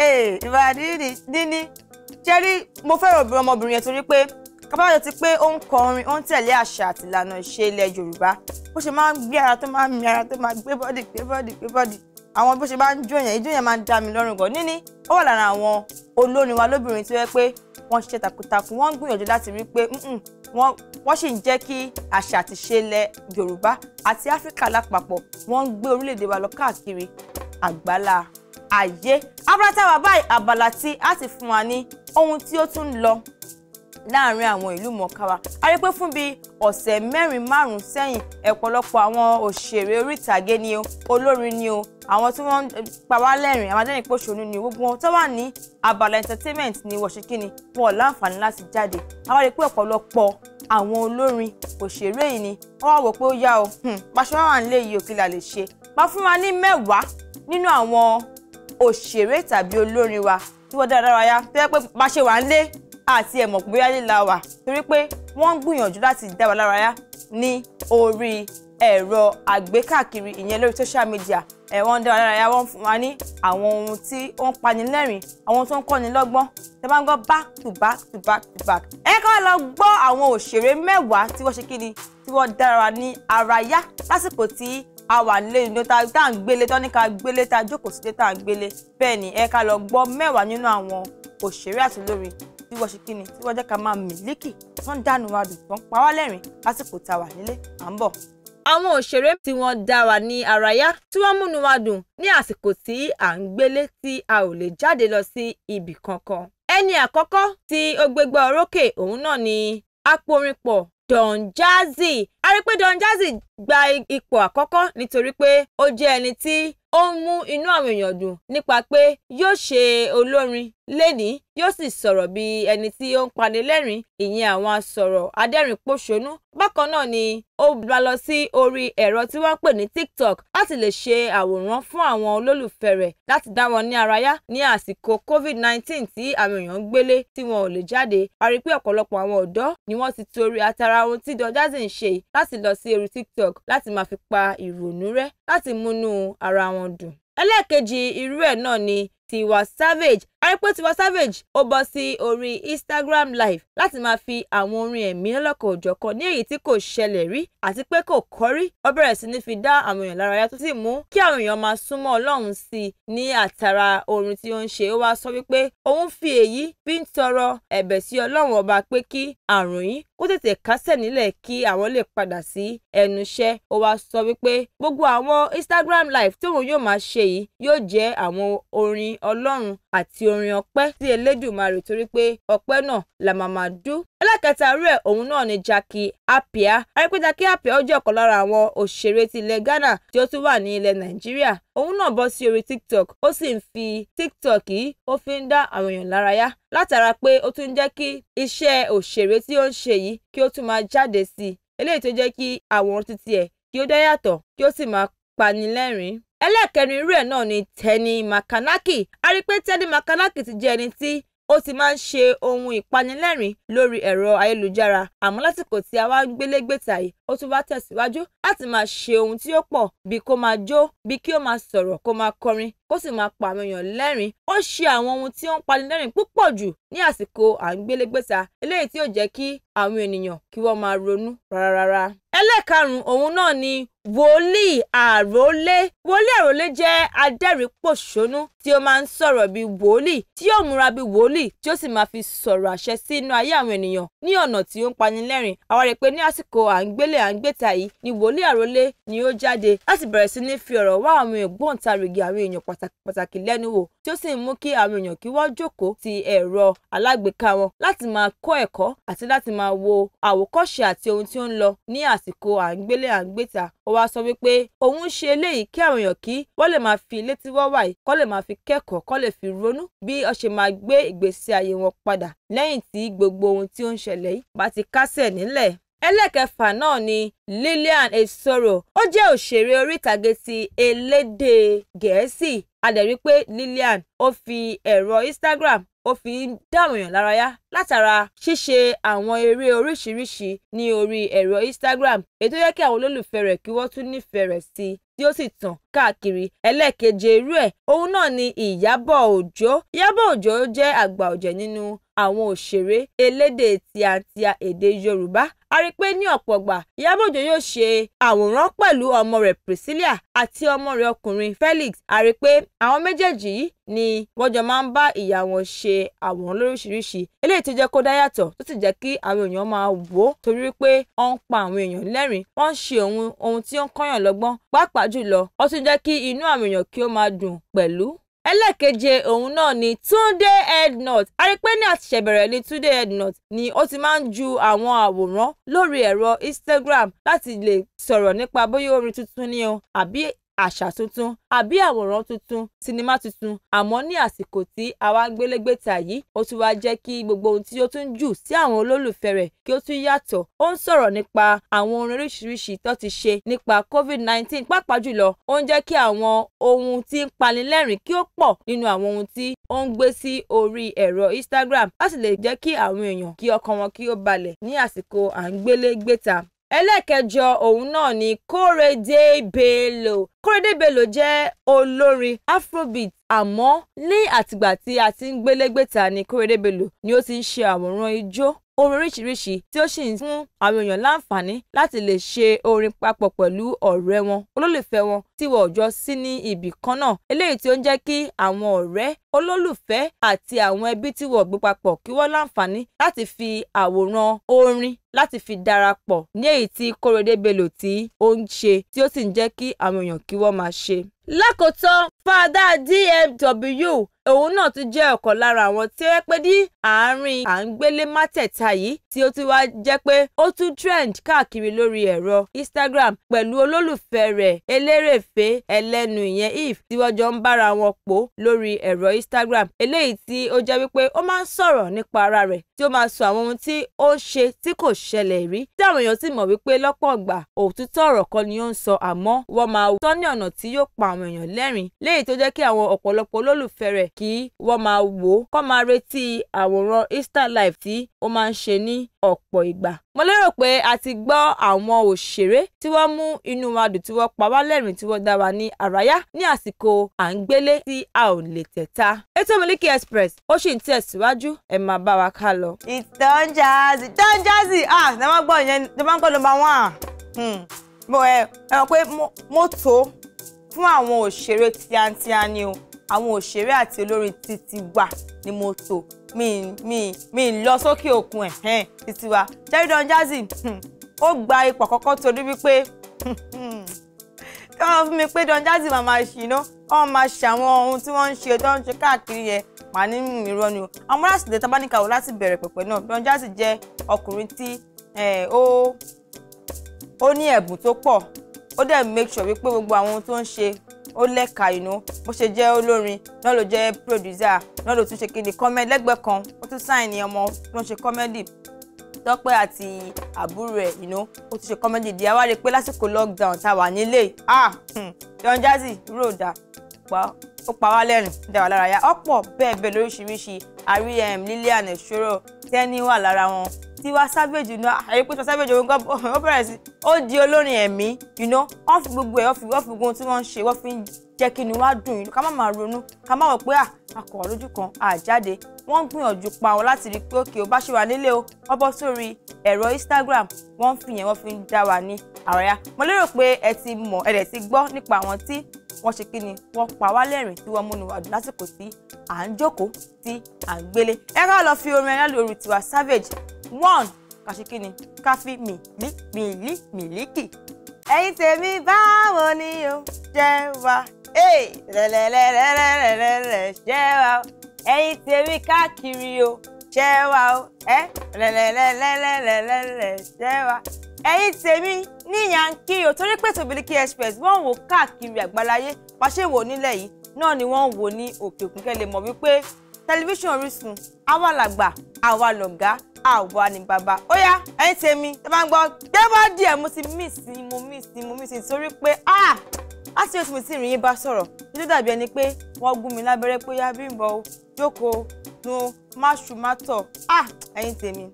ee ìbàdí níní ṣẹ́rí mo fẹ́ràn obìnrin ọmọbìnrin yẹn torí pé kábàáyọ ti pé ó ń kọrin ó ń tẹ̀lé àṣà àti ìlànà ìṣe ilẹ̀ yorùbá bó ṣe máa ń gbé ara tó máa ń mi ara tó máa gbé bọ́dì gbé bọ́dì gbé bọ́dì àwọn bó ṣe máa ń jó yẹn ijó yẹn máa ń dá mi lọ́rùn gan níní ó wà lára àwọn olórin wa lóbìnrin tó yẹ pé wọ́n ṣiṣẹ́ takuntakun wọ́n ń gbìyànjú láti rí pé wọ́n sì ń jẹ́ kí àṣà àti ìṣe ilẹ̀ yorùbá àti áfíríkà lápapọ̀ wọ́n ń gbé orílẹ̀-èdè wa lọ káàkiri àgbálá ayé abala tá a wà báyìí abala tí a ti fún wa ní ohun tí ó tún ń lọ láàárín àwọn ìlú mọ̀ọ́ká wa a rí pé fún bíi ọ̀sẹ̀ mẹ́rin márùn-ún sẹ́yìn ọ̀pọ̀lọpọ̀ àwọn òṣèré orí ìtàgé ni o olórin ni o àwọn tí wọ́n pa wá lẹ́rìn àwọn adẹ́rìn pòṣónú ni gbogbo wọn tó wà ní abala entertainment ni wọ̀ṣíkíni wọn láǹfààní láti jáde a wá rí pé ọ̀pọ̀lọpọ̀ àwọn olórin òṣèré yìí ni wọ́n wá wò pé ó yá o pàṣẹ hmm, wà wà nílé yìí òkè là lè ṣe pa fún wa ní mẹ́wàá nínú àwọn òṣèré tàbí olórin wa tí wọ́n dára dára ya tó yẹ pé bá ṣe wà ń lé àti ẹ̀mọ̀ pé bóyá líla wà torí pé wọ́n ń gbìyànjú láti dá wa lára yá ní orí ẹ̀rọ àgbékàkiri ìyẹn lórí social media ẹ wọ́n ń dá wa lára yá wọ́n fún wa ní àwọn ohun tí wọ́n pani lẹ́rìn àwọn tó ń kọ́ni lọ́gbọ́n tẹ bá ń gbọ́ back to back to back to back ẹ ká lọ gbọ́ àwọn òṣèré mẹ́wàá tí wọ́n ṣe kí ni tí wọ́n dára ní ara yá lásìkò tí a wà lé ìjọ tá à ń gbélé tó ní ká gbélé tá a jókòó sílé tá à ń gbélé bẹ́ẹ̀ ni ẹ ká lọ gbọ́ mẹ́wàá nínú àwọn òṣèré àti olórin bí wọ́n ṣe kíni tí wọ́n jẹ́ ká máa mílíkì tó ń dànù wa dùn tó ń pa wá lẹ́rìn lásìkò tá a wà nílé à ń bọ̀. àwọn òṣèré tí wọ́n dá wa ní àráyá tí wọ́n múnú wa dùn ní àsìkò tí à ń gbélé tí a ò lè jáde lọ sí ibì kankan. ẹni àkọ́kọ́ tí ó orókè òun náà ni apòrinpọ̀ Don Jazzy a rí pé Don Jazzy gba ipò àkọ́kọ́ nítorí pé ó jẹ́ ẹni tí ó ń mú inú àwọn èèyàn dùn nípa pé yóò ṣe olórin lẹ́nìí yóò sì sọ̀rọ̀ bí ẹni tí ó ń pani lẹ́rìn ìyẹn àwọn asọ̀rọ̀ adẹ́rìn-pòṣónú bákan náà ni ó bá lọ sí orí ẹ̀rọ tí wọ́n pè ní TikTok láti lè ṣe àwòrán fún àwọn olólùfẹ́ rẹ̀ láti dá wọn ní arayá ní àsìkò COVID-19 tí àwọn èèyàn ń gbélé tí wọn ò lè jáde a rí pé ọ̀pọ̀lọpọ̀ àwọn ọ̀dọ́ ni wọ́n ti torí atara ohun tí Don Jazzy ń ṣe láti lọ sí ẹ̀rù TikTok láti máa fi pa ìrònú rẹ́ láti múnú ara wọn dùn. ẹlẹ́ẹ̀kejì irú ẹ̀ náà ni Tiwa Savage àrípò Tiwa Savage ó bọ́ sí orí Instagram live láti máa fi àwọn orin ẹ̀mí lọ́lọ́kan òjọ̀kan ní èyí tí kò ṣẹlẹ̀ rí àti pé kò kọ́rí ó bẹ̀rẹ̀ sí ní fi dá àwọn èèyàn lárayá tó sì mú kí àwọn èèyàn máa súnmọ́ Ọlọ́run sí i ní àtàrà orin tí ó ń ṣe ó wá sọ wípé òun fi èyí fi ń tọrọ ẹ̀bẹ̀ sí Ọlọ́run ọba pé kí àrùn yìí kó tètè kásẹ̀ nílẹ̀ kí àwọn lè padà sí ẹnu iṣẹ́ ó wá sọ wípé gbogbo àwọn Instagram live tí òun yóò máa ṣe yìí yóò jẹ́ àwọn orin Ọlọ́run àti orin ọpẹ́ sí Elédùmarè torí pé ọpẹ́ náà la máa máa dú. ẹlẹ́kẹta rẹ̀ òun náà ni Jackie Appiah arípé Jackie Appiah ó jẹ́ ọ̀kan lára àwọn òṣèré ti ilẹ̀ Ghana tí ó tún wà ní ilẹ̀ Nàìjíríà òun náà bọ́ sí orí TikTok ó sì ń fi TikTok yìí ó fi ń dá àwọn èèyàn lárayá látara pé ó tún jẹ́ kí iṣẹ́ òṣèré tí ó ń ṣe yìí kí ó tún máa jáde sí i eléyìí tó jẹ́ kí àwòrán titi ẹ̀ kí ó dá yàtọ̀ kí ó sì máa panilẹ́rìn-ín ẹlẹ́ẹ̀kẹrin irú ẹ̀ náà ni Tẹ́ni Makanaki a rí i pé Tẹ́ni Makanaki ti jẹ́ ẹni tí ó ti máa ń ṣe ohun ìpanilẹ́rìn lórí ẹ̀rọ ayélujára àmọ́ lásìkò tí a wá ń gbélégbèta yìí ó tún wá tẹ̀síwájú láti máa ṣe ohun tí ó pọ̀ bíi kó máa jó bíi kí ó máa sọ̀rọ̀ kó máa kọrin kó sì máa pa àwọn èèyàn lẹ́rìn-ín ó ṣe àwọn ohun tí ó ń pani lẹ́rìn-ín púpọ̀ jù ní àsìkò à ń gbélé gbèsà eléyìí tí ó jẹ́ kí àwọn ènìyàn kí wọ́n máa ronú rárára. ẹlẹ́karùn-ún òun náà ni wòlíì àrólé wòlíì àrólé jẹ́ adẹ́rìípòṣónú tí ó máa ń sọ̀rọ̀ bí wòlíì tí yóò múra bí wòlíì tí ó sì máa fi sọ̀rọ̀ àṣẹ sí inú ayé àwọn ènìyàn ní ọ̀nà tí ó ń pani lẹ́rìn-ín àwa rẹ̀ pé ní àsìkò à ń gbélé à ń gbèta ni wòlíì àròlé àròlé ni ó jáde láti bẹ̀rẹ̀ sí ní fi ọ̀rọ̀ wá àwọn ògbóǹtarìgì àwọn èèyàn pàtàkì lẹ́nu wò tí ó sì ń mú kí àwọn èèyàn kí wọ́n jókòó ti ẹ̀rọ alágbèéká wọn láti máa kọ́ ẹ̀kọ́ àti láti máa wo àwòkọ́ṣe àti ohun tí ó ń lọ ní àsìkò à ń gbélé à ń gbéta ó wáá sọ wípé òun ń ṣe eléyìí kí àwọn èèyàn kí wọ́n lè máa fi ilé tí wọ́n wà yìí kọ́ lè máa fi kẹ́kọ̀ọ́ kọ́ lè fi ronú bí Ẹlẹ́kẹfà náà ni Lillian Esoro, ó jẹ́ òṣèré orí ìtàgé ti elédè Gẹ̀ẹ́sì. A dẹ̀ rí i pé Lillian ó fi ẹ̀rọ Instagram ó fi ń dáwọn èèyàn lárayá látara ṣíṣe àwọn eré oríṣiríṣi ní orí ẹ̀rọ Instagram èyí tó yẹ kí àwọn olólùfẹ́ rẹ̀ kí wọ́n tún nífẹ̀ẹ́ rẹ̀ sí i tí ó sì tàn káàkiri ẹlẹ́ẹ̀keje irú ẹ̀ òun náà ni Ìyábọ̀ Òjó Ìyábọ̀ Òjó jẹ́ àgbà ọ̀jẹ̀ nínú àwọn òṣèré elédè tíatia èdè Yorùbá a rí i pé ní ọ̀pọ̀ ìgbà Ìyábọ̀ Òjó yóò ṣe àwòrán pẹ̀lú ọmọ rẹ̀ Priscilla àti ọmọ rẹ̀ ọkùnrin Felix a rí i pé àwọn méjèèjì yìí ni wọ́n jọ máa ń bá ìyá wọn ṣe àwòrán lóríṣiríṣi eléyìí tó jẹ́ kó dá yàtọ̀ tó sì jẹ́ kí àwọn èèyàn máa wò ó torí pé ó ń pa àwọn èèyàn lẹ́rìn wọ́n ń ṣe ohun ohun tí ó ń kọ́yàn lọ́gbọ́n pàápàá jùlọ ó tún jẹ́ kí inú àwọn èèyàn kí ó máa dùn pẹ̀lú Ẹlẹ́ẹ̀keje òun náà ni Tunde Ednot. A rí pé ní àtìṣẹ̀bẹ̀rẹ̀ ni Tunde Ednot ni ó ti máa ń ju àwọn àwòrán lórí ẹ̀rọ Instagram láti lè sọ̀rọ̀ nípa bóyá orin tuntun ni o àbí àṣà tuntun àbí àwòrán tuntun sinimá tuntun àmọ́ ní àsìkò tí àwa gbélégbé ta yìí ó tún wá jẹ́ kí gbogbo ohun tí ó tún jù sí àwọn olólùfẹ́ rẹ̀ kí ó tún yàtọ̀ ó ń sọ̀rọ̀ nípa àwọn orin oríṣiríṣi tó ti ṣe nípa covid nineteen. pàápàá jùlọ ó ń jẹ́ kí àwọn ohun tí ń panilẹ́rìn kí ó pọ̀ nínú àwọn ohun tí ó ń gbé sí orí ẹ̀rọ Instagram láti lè jẹ́ kí àwọn èèyàn kí ọkàn wọn kí ó balẹ̀ ní àsìkò à ń gbélé gbéta ẹlẹ́ẹ̀kẹjọ òun náà ni Kórèdé Bello Kórèdé Bello jẹ́ olórin afrobeat àmọ́ ní àtìgbà tí a ti ń gbélégbèta ni Kórèdé Bello ni ó ti ń ṣe àwòrán ijó orin oríṣiríṣi tí ó sì ń fún àwọn èèyàn láǹfààní láti lè ṣe orin papọ̀ pẹ̀lú ọ̀rẹ́ wọn olólùfẹ́ wọn tí wọn ò jọ sí ní ibì kan náà eléyìí tí ó ń jẹ́ kí àwọn ọ̀rẹ́ olólùfẹ́ àti àwọn ẹbí tí wọ́n gbé papọ̀ kí wọ́n láǹfààní láti fi àwòrán orin láti fi darapọ̀ ní èyí tí Kóredé Bello tí ó ń ṣe tí ó sì ń jẹ́ kí àwọn èèyàn kí wọ́n máa ṣe. lákòótán fada DMW òun náà ti jẹ́ ọ̀kan lára àwọn tí ó yẹ pé ní àárín à mátẹ̀ta yìí tí ó ti wá jẹ́ pé ó tún trend káàkiri lórí ẹ̀rọ Instagram pẹ̀lú olólùfẹ́ rẹ̀ eléré ìfẹ́ ẹlẹ́nu ìyẹn if tí wọ́n jọ ń bára wọn pò lórí ẹ̀rọ Instagram eléyìí tí ó jẹ́ wípé ó máa ń sọ̀rọ̀ nípa ara rẹ̀ tí ó máa sọ àwọn ohun tí ó ṣe tí kò ṣẹlẹ̀ rí tí àwọn èèyàn sì mọ̀ wípé lọ́pọ̀ ọ̀gbà òtítọ́ ọ̀rọ̀ kan ni ó ń sọ àmọ́ wọ́n máa tọ́ ní ọ̀nà tí yóò pa àwọn èèyàn lẹ́rìn léyìí tó jẹ́ kí àwọn ọ̀pọ̀lọpọ̀ olólùfẹ́ rẹ̀ kí wọ́n máa wò ó kọ́ máa retí àwòrán Insta tí ó máa ń ṣe ní ọ̀pọ̀ ìgbà. mo lérò pé a ti gbọ́ àwọn òṣèré tí wọ́n mú inú wa dùn dá wa ní àráyá ní àsìkò à ń gbélé tí a ò lè tẹ̀ta. ètò Miliki Express ó sì ń tẹ̀síwájú ẹ̀ máa bá wa ká lọ. ìtàn jazzy ìtàn jazzy ah ní wọ́n gbọ́ ìyẹn ní wọ́n gbọ́ number one hmm. mo ẹ ẹ pé mo tó fún àwọn òṣèré tíátíá ni o àwọn òṣèré àti olórin títí wà ní mo tó mi mi mi lọ sókè òkun ẹ títí wa Jerry Don Jazzy ó gba ipò àkọ́kọ́ torí wípé hmm, hmm ṣé wọ́n fún mi pé dọ́njásì máa máa ṣì iná wọ́n máa ṣe àwọn ohun tí wọ́n ń ṣe tó ń ṣe káàkiri yẹn màá ní hmm, irọ́ ni o àwọn láti dé tábánikàwò láti bẹ̀rẹ̀ pẹ̀pẹ̀ náà dọ́njásì jẹ́ ọkùnrin tí eh, ó ní ẹ̀bùn tó pọ̀ ó dẹ̀ make sure wípé gbogbo àwọn ohun tó ń ṣe ó lẹ́ka ìnú bó ṣe jẹ́ olórin náà ló jẹ́ producer náà ló tún ṣe kí ni comedy lẹ́gbẹ̀ẹ́ kan ó tún sáìn ní ọmọ tó ń ṣe comedy tọ́pẹ́ àti àbúrò ẹ̀ you know ó ti ṣe kọ́mẹ́dì díẹ̀ wá rí i pé lásìkò lockdown tá a wà nílé ah Don hmm, Jazzy ròdà ó pa wá lẹ́rìn dá wa lára yá ọ̀pọ̀ bẹ́ẹ̀ bẹ́ẹ̀ lóríṣiríṣi àrí Lilian Ẹ̀ṣọ́rọ̀ tẹ́ni wà lára wọn Tiwa Savage náà àyè pé Tiwa Savage òun gan ó bẹ̀rẹ̀ sí ó di olórin ẹ̀mí wọ́n fi gbogbo ẹ̀ wọ́n fi gbogbo tí wọ́n ń ṣe wọ́n fi ń jẹ́ kí inú wa dùn ká má máa ronú ká má wọ̀ pé ah, àkọ̀ọ́ lójú kan àjáde wọ́n ń gbìyànjú pa wọn láti rí pé òkè ó bá ṣe wà nílé o wọ́n bọ́ sórí ẹ̀rọ Instagram wọ́n ń fi yẹn wọ́n fi ń dá wa ní àwáyá mo lérò pé ẹ ti mọ̀ ẹ dẹ̀ ti gbọ́ nípa àwọn tí wọ́n ṣe kí ni wọ́n pa wá lẹ́rìn tí wọ́n múnú wa dùn lásìkò tí à ń jókòó tí à ń gbélé ẹ ká lọ fi orin ayálò orin tiwa Savage one ká ṣe kí ni ká fi mìlí mìlí mìlíkì ẹ̀yin tèmi báwo ni o jẹ́ wa lẹ́lẹ́lẹ́lẹ́lẹ́lẹ́ jẹ́ wa ẹ̀yin tèmi káàkiri o ṣẹ́ wa o ẹ́ lẹ́lẹ́lẹ́lẹ́lẹ́lẹ́lẹ́ ṣẹ́ wa ẹ̀yin tèmi ní yankí o torí pé ètò Miliki Express wọ́n ń wò káàkiri àgbáláyé pàṣẹ wò nílẹ̀ yìí náà ni wọ́n ń wò ní òkè òkun kẹ́ lè mọ̀ wípé tẹlifíṣàn Orísun àwa làgbà àwa lọ̀gá àwa ni bàbá ó yá ẹ̀yin tèmi ẹ bá ń gbọ́ gbẹ́bọ́ díẹ̀ mo ti mí sí mo mí sí mo mí sí torí pé ah láti oṣù mi tí ìrìn yín bá sọ̀rọ̀ títí dàbí ẹni pé wọ́n gún mi lábẹ́rẹ́ pé yá Bímbọ́ o jókòó nu máṣu má tọ̀ ah ẹ̀yin tèmi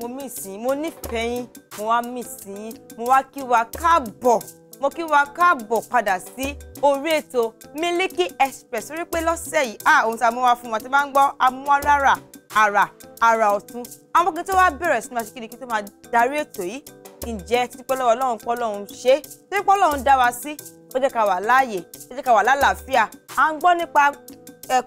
mo mí sí mo nífẹ̀ẹ́ yín mo wá mí sí yín mo wá kí wa káàbọ̀ mo kí wa káàbọ̀ padà sí orí ètò Miliki Express torí pé lọ́sẹ̀ yìí ah ohun tí a mú wa fún wa tí bá ń gbọ́ amúwálára ara ara ọ̀tún àwọn kí tó wá bẹ̀rẹ̀ sí máa ṣe kí ni kí tó máa darí ètò yìí ǹjẹ́ títí lọ́wọ́ ọlọ́run kọ́ lọ́run ṣe títí pọ́ lọ́run dá wa sí ó jẹ́ ká wà láàyè ó jẹ́ ká wà lálàáfíà à ń gbọ́ nípa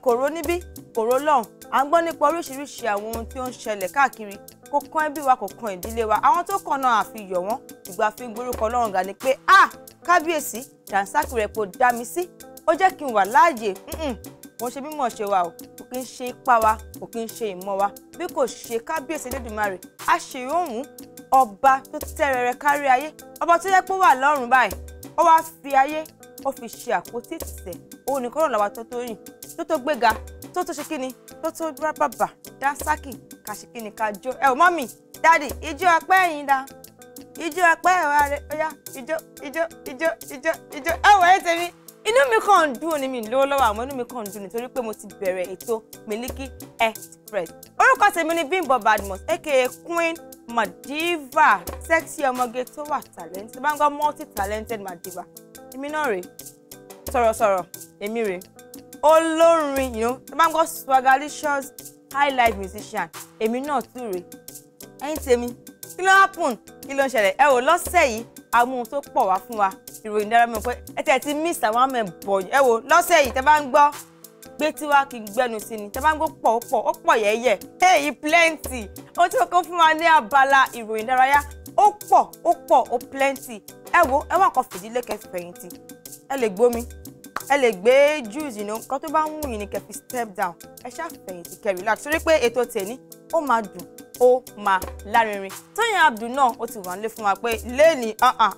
kòró níbí kòró lọ́hùn à ń gbọ́ nípa oríṣiríṣi àwọn ohun tí ó ń ṣẹlẹ̀ káàkiri kò kan ẹbí wa kò kan ìdílé wa àwọn tó kàn náà àfi yọ̀ wọ́n ìgbà fi gbórúkọ ọlọ́run gà ni pé a kábíyèsí dànsákì rẹ̀ kò dá mi sí ó jẹ́ kí n wà láàyè mo ṣe bí mo ṣe wà o kì í ṣe ipá wa kò kì í ṣe ìmọ̀ wa bí kò ṣe kábíyèsí Elédùmarè á ṣe òun ọba tó tẹ́rẹrẹ kárí ayé ọba tó yẹ pé ó wà lọ́run báyìí ó wá fi ayé ó fi ṣe àpótí ìtìsẹ̀ òun nìkan náà làwọn tó tó yìn tó tó gbéga tó tó ṣe kíni tó tó rábàbà dá sákì ká ṣe kíni ká jó ẹ ò mọ́mì dáàdì ijó ọpẹ́ yìí dá ijó ọpẹ́ ìwà rẹ̀ ó yá ijó ijó ijó ijó ijó ẹ wọ̀ ẹ́ tèmi inú mi kàn ń dùn ní mi lówó lọ́wọ́ àmọ́ inú mi kàn ń dùn nítorí pé mo ti bẹ̀rẹ̀ ètò Miliki Express orúkọ tèmi ni Bimbo Badmus aka Queen Madiva sexy ọmọge tó wà talented bá ń gbọ́ multi talented Madiva èmi náà rèé sọ̀rọ̀sọ̀rọ̀ èmi rèé olórin yìí tó bá ń gbọ́ swagalicious highlight musician èmi náà tún rèé ẹ̀yin tèmi kí ló happen kí ló ń ṣẹlẹ̀ ẹ ò lọ́sẹ̀ yìí amóhun tó pọ̀ wá fún wa ìròyìn dára mi pé ẹ tẹ́ ti miss àwọn àmọ̀ ẹ̀bọ̀ ẹ wo lọ́sẹ̀ yìí tẹ́ bá ń gbọ́ gbé tiwa kì í gbẹnu sí ni tẹ́ bá ń gbọ́ pọ̀ pọ̀ ó pọ̀ yẹ́yẹ́ èyí plenty ohun tí kókó fún wa ní abala ìròyìn dárayá ó pọ̀ ó pọ̀ ó plenty ẹ wo ẹ wà kan fìdílé kẹfìfẹ̀yìntì ẹ lè gbómi ẹ lè gbé juice ìnáwó kan tó bá ń wù yín ni kẹfì step down ẹ ṣáà fẹ̀yìntì kẹrìlá torí pé ètò tèmi ó máa dùn ó máa lárinrin Tóyìn Abdul náà ó ti wà nílé fún wa pé lẹ́ẹ̀ni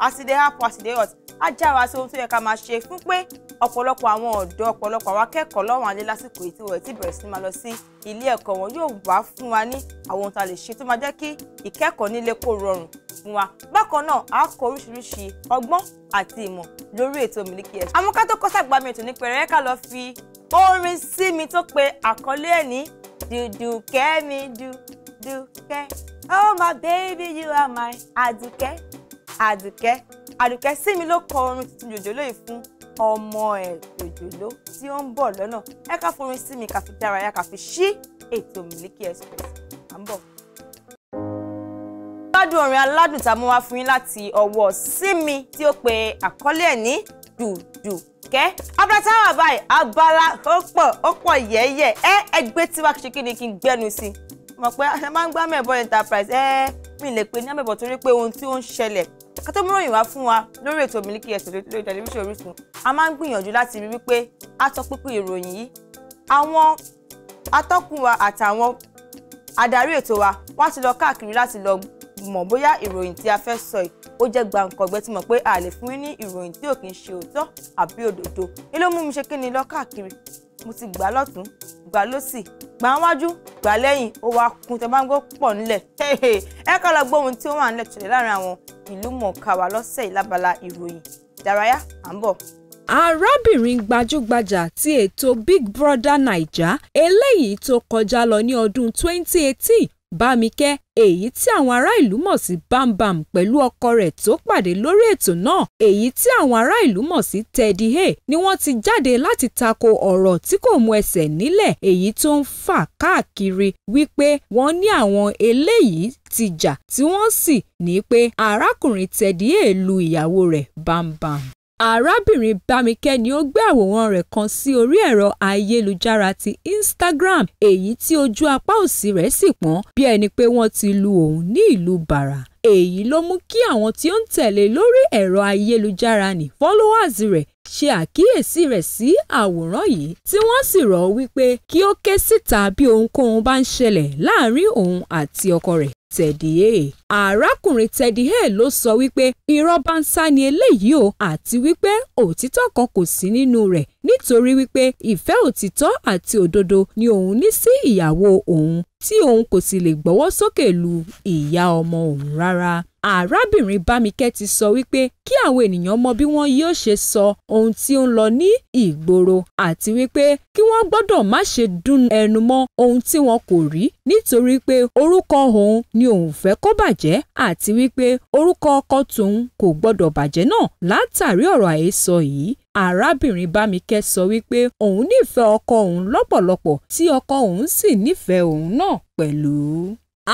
àsìdé uh-uh, e app àsìdé e hot ajára sí ohun tó yẹ ká máa ṣe fún pé ọ̀pọ̀lọpọ̀ àwọn ọ̀dọ́ ọ̀pọ̀lọpọ̀ àwọn akẹ́kọ̀ọ́ lọ́wọ́n alẹ́ lásìkò yìí tí wọ́n ti bẹ̀rẹ̀ sí máa lọ sí ilé ẹ̀kọ́ wọn yóò wá fún wa ní àwọn ohun tá a lè ṣe tó máa jẹ́ kí ìkẹ́kọ̀ọ́ nílé kó rọrùn fún wa bákan náà a kọ oríṣiríṣi ọgbọ́n àti ìmọ̀ lórí ètò Miliki Express. àwọn ká tó kọ́ sàgbà mi ètò ní pẹ̀rẹ́ ká lọ fi orin sí mi tó pe àkọlé ẹ̀ ní dùdù kẹ́mi dùn Àdùkẹ́. Oh my baby you are my aduke, aduke, aduke. sí mi ló kọ orin tuntun jòjòló yìí fún ọmọ ẹ̀ jòjòló tí ó ń bọ̀ lọ́nà ẹ ká forin sí mi ká fi dárayá ká fi ṣí ètò Miliki Express à ń bọ̀. aládùn orin aládùn tá a mú wá fún yín láti ọwọ́ sími tí ó pe àkọ́lé ẹ̀ ní Dùdùkẹ́ abúlátá báyìí abala ó pọ̀ ó pọ̀ yẹ́yẹ́ ẹ ẹgbẹ́ tí wàá ṣe kí ni kí n gbẹ́nu sí i mọ̀ pé ẹ máa ń gbá mẹ́bọ̀ enterprise ẹ mi lè pe ní àmẹ́bọ̀ torí pé ohun tí ó ń ṣẹlẹ̀ kátó mú ròyìn wá fún wa lórí ètò Miliki Express lórí tẹlifíṣàn Orísun a máa ń gbìyànjú láti rí wípé a tọ́ pínpín ìròyìn yìí àwọn atọ́kùn wa àtàwọn adarí ètò wa wá ti lọ káàkiri láti lọ mọ̀ bóyá ìròyìn tí a fẹ́ sọ yìí ó jẹ́ gbàǹkangbẹ́ tí mọ̀ pé a lè fún yín ní ìròyìn tí ò kì í ṣe òótọ́ àbí òdodo ilé mú mi ṣe kí ni lọ káàkiri mo ti gbà lọ́tún gbà lọ́sì gbà ń wájú gbà lẹ́yìn ó wá kun tẹ bá ń gbọ́ pọ̀ nílẹ̀ ẹ ká lọ gbọ́ tí ó wà nílẹ̀ tẹ̀lé láàrin àwọn ìlú mọ̀ọ́ká wa lọ́sẹ̀ ìlábala ìròyìn ìdárayá à ń bọ̀. Arábìnrin gbajúgbajà ti ètò Big Brother Naija eléyìí tó kọjá lọ ní ọdún 2018 Bámikẹ́ èyí tí àwọn ará ìlú mọ̀ sí Bambam pẹ̀lú ọkọ rẹ̀ tó pàdé lórí ètò náà èyí tí àwọn ará ìlú mọ̀ sí Teddy A ni wọ́n ti jáde láti tako ọ̀rọ̀ tí kò mú ẹsẹ̀ nílẹ̀ èyí tó ń fà káàkiri wípé wọ́n ní àwọn eléyìí ti jà tí wọ́n sì ní pé arákùnrin Teddy A lu ìyàwó rẹ̀ Bambam. Arábìnrin Bámikẹ́ ni ó gbé àwòrán rẹ̀ kan sí orí ẹ̀rọ ayélujára ti Instagram èyí tí ojú apá òsì rẹ̀ sì pọ́n bí ẹni pé wọ́n ti lu òun ní ìlù bàrà. Èyí ló mú kí àwọn tí ó ń tẹ̀lé e lórí ẹ̀rọ ayélujára ní followers rẹ̀ ṣe àkíyèsí rẹ̀ sí àwòrán yìí tí wọ́n sì rọ̀ ọ́ wípé kí ó ké síta bí ohunkóhun bá ń ṣẹlẹ̀ láàárín òun àti ọkọ rẹ̀. Teddy A. Arákùnrin Teddy A ló sọ wípé irọ́ báńsá ni eléyìí o àti wípé òtítọ́ kan kò sí nínú rẹ̀ nítorí wípé ìfẹ́ òtítọ́ àti òdodo ni òun ní sí ìyàwó òun tí òun kò sì lè gbọ́wọ́ sókè lu ìyá ọmọ òun rárá arábìnrin bámikẹ́ ti sọ wípé kí àwọn ènìyàn mọ bí wọ́n yóò ṣe sọ ohun tí ó ń lọ ní ìgboro àti wípé kí wọ́n gbọ́dọ̀ má ṣe dún ẹnu mọ́ ohun tí wọn kò rí nítorí pé orúkọ òun ni òun fẹ́ kó bàjẹ́ àti wípé orúkọ ọkọ tòun kò gbọ́dọ̀ bàjẹ́ náà látàrí ọ̀rọ̀ àhesọ yìí arábìnrin bámikẹ́ sọ wípé òun nífẹ̀ẹ́ ọkọ òun lọ́pọ̀lọpọ̀ tí ọkọ òun sì nífẹ̀ẹ́ òun náà pẹ̀lú.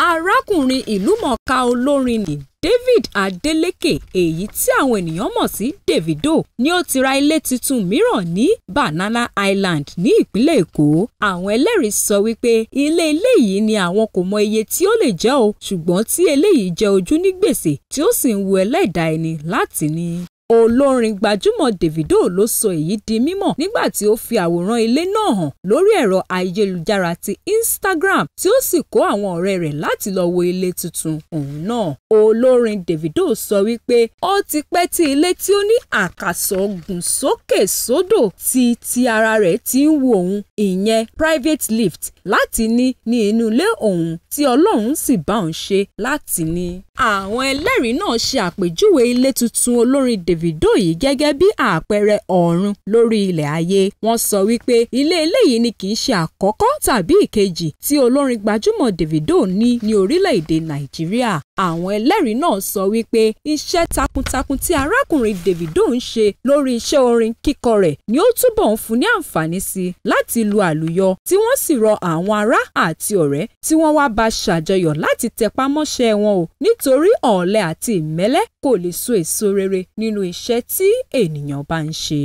arákùnrin ìlúmọ̀ọ́ká olórin nì David Adeleke èyí tí àwọn ènìyàn mọ̀ sí Davido ni ó ti ra ilé tuntun mìíràn ní Banana Island ní ìpínlẹ̀ Èkó. Àwọn ẹlẹ́rìí sọ wípé ilé eléyìí ni àwọn kò mọ iye tí ó lè jẹ́ o ṣùgbọ́n tí eléyìí jẹ́ ojú ní gbèsè tí ó sì ń wu ẹlẹ́dàá ẹni láti ní olórin gbajúmọ̀ Davido ló sọ èyí di mímọ̀ nígbà tí ó fi àwòrán ilé náà hàn lórí ẹ̀rọ ayélujára ti Instagram tí ó sì kó àwọn ọ̀rẹ́ rẹ̀ láti lọ wo ilé tuntun òun náà olórin Davido sọ wípé ó ti pẹ́ tí ilé tí ó ní àkàsọ̀ gùn sókè sódò ti ti ara rẹ̀ ti ń wo òun ìyẹn private lift láti ní ní inú ilé òun tí Ọlọ́run sì bá òun ṣe láti ní. àwọn ẹlẹ́rìí náà ṣe àpèjúwe ilé tuntun olórin Davido yìí gẹ́gẹ́ bí àpẹẹrẹ ọ̀run lórí ilẹ̀ ayé wọ́n sọ wípé ilé eléyìí ni kì í ṣe àkọ́kọ́ tàbí ìkejì tí olórin gbajúmọ̀ Davido ní ní orílẹ̀-èdè Nàìjíríà àwọn ẹlẹ́rìí náà sọ wípé iṣẹ́ takuntakun tí arákùnrin Davido ń ṣe lórí iṣẹ́ orin kíkọ rẹ̀ ni ó túbọ̀ ń fún ní àǹfààní sí láti lu àlùyọ tí wọ́n sì rọ àwọn ará àti ọ̀rẹ́ tí wọ́n wá bá ṣàjọyọ̀ láti tẹpá mọ́ṣẹ́ wọn o nítorí ọ̀lẹ àti ìmẹ́lẹ́ kò lè so èso rere nínú iṣẹ́ tí ènìyàn bá ń ṣe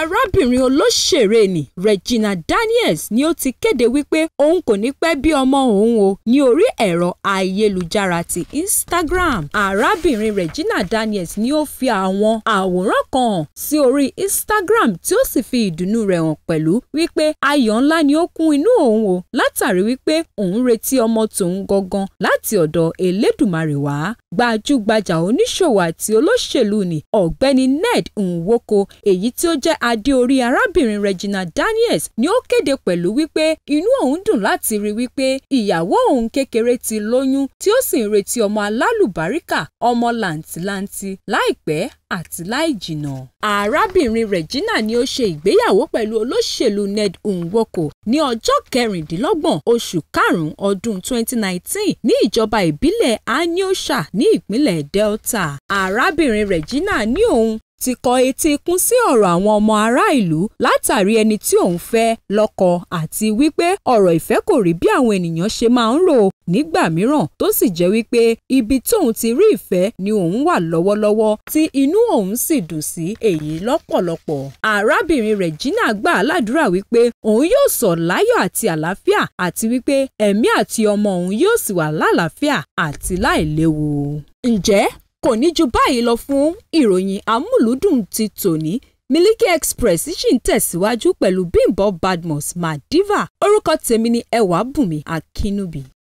arábìnrin olóṣèré ni Regina Daniels ni ó ti kéde wípé òun kò ní pẹ́ bí ọmọ òun o ní orí ẹ̀rọ ayélujára ti Instagram arábìnrin Regina Daniels ni ó fi àwọn àwòrán kan hàn sí orí Instagram tí ó sì fi ìdùnnú rẹ̀ hàn pẹ̀lú wípé ayọ̀ ńlá ni ó kún inú òun o látàrí wípé òun retí ọmọ tòun gangan láti ọ̀dọ̀ Elédùmarè wá gbajúgbajà oníṣòwò àti olóṣèlú ni ọ̀gbẹ́ni Ned Nwoko èyí tí ó jẹ́ adé orí arábìnrin Regina Daniels ni ó kéde pẹ̀lú wípé inú òun dùn láti rí wípé ìyàwó òun kékeré ti lóyún tí ó sì ń retí ọmọ alálùbáríkà ọmọ làǹtìlanti láìpẹ́ àti láì jìnà. arábìnrin Regina ni ó ṣe ìgbéyàwó pẹ̀lú olóṣèlú Ned Nwoko ní ọjọ́ kẹrìndínlọ́gbọ̀n oṣù karùn-ún ọdún 2019 ní ìjọba ìbílẹ̀ Anyosha ní ìpínlẹ̀ Delta. arábìnrin Regina ní òun ti kọ etí ikún sí ọ̀rọ̀ àwọn ọmọ ará ìlú látàrí ẹni tí òun fẹ́ lọ́kọ àti wípé ọ̀rọ̀ ìfẹ́ kò rí bí àwọn ènìyàn ṣe máa ń rò nígbà mìíràn tó sì jẹ́ wípé ibi tóun ti rí ìfẹ́ ni òun wà lọ́wọ́lọ́wọ́ tí inú òun sì dùn sí èyí lọ́pọ̀lọpọ̀. arábìnrin Regina gbà ládùúrà wípé òun yóò sọ̀ láyọ̀ àti àlàáfíà àti wípé ẹ̀mí àti ọmọ òun yóò sì wà lálàáfíà àti láìléwu. ǹjẹ́ kò ní ju báyìí lọ fún ìròyìn amúlùúdùn ti tòní Miliki Express ṣì ń tẹ̀síwájú pẹ̀lú Bímbọ́ Badmus Madiva orúkọ tèmi ni Ẹwàbùnmi Akínúbí.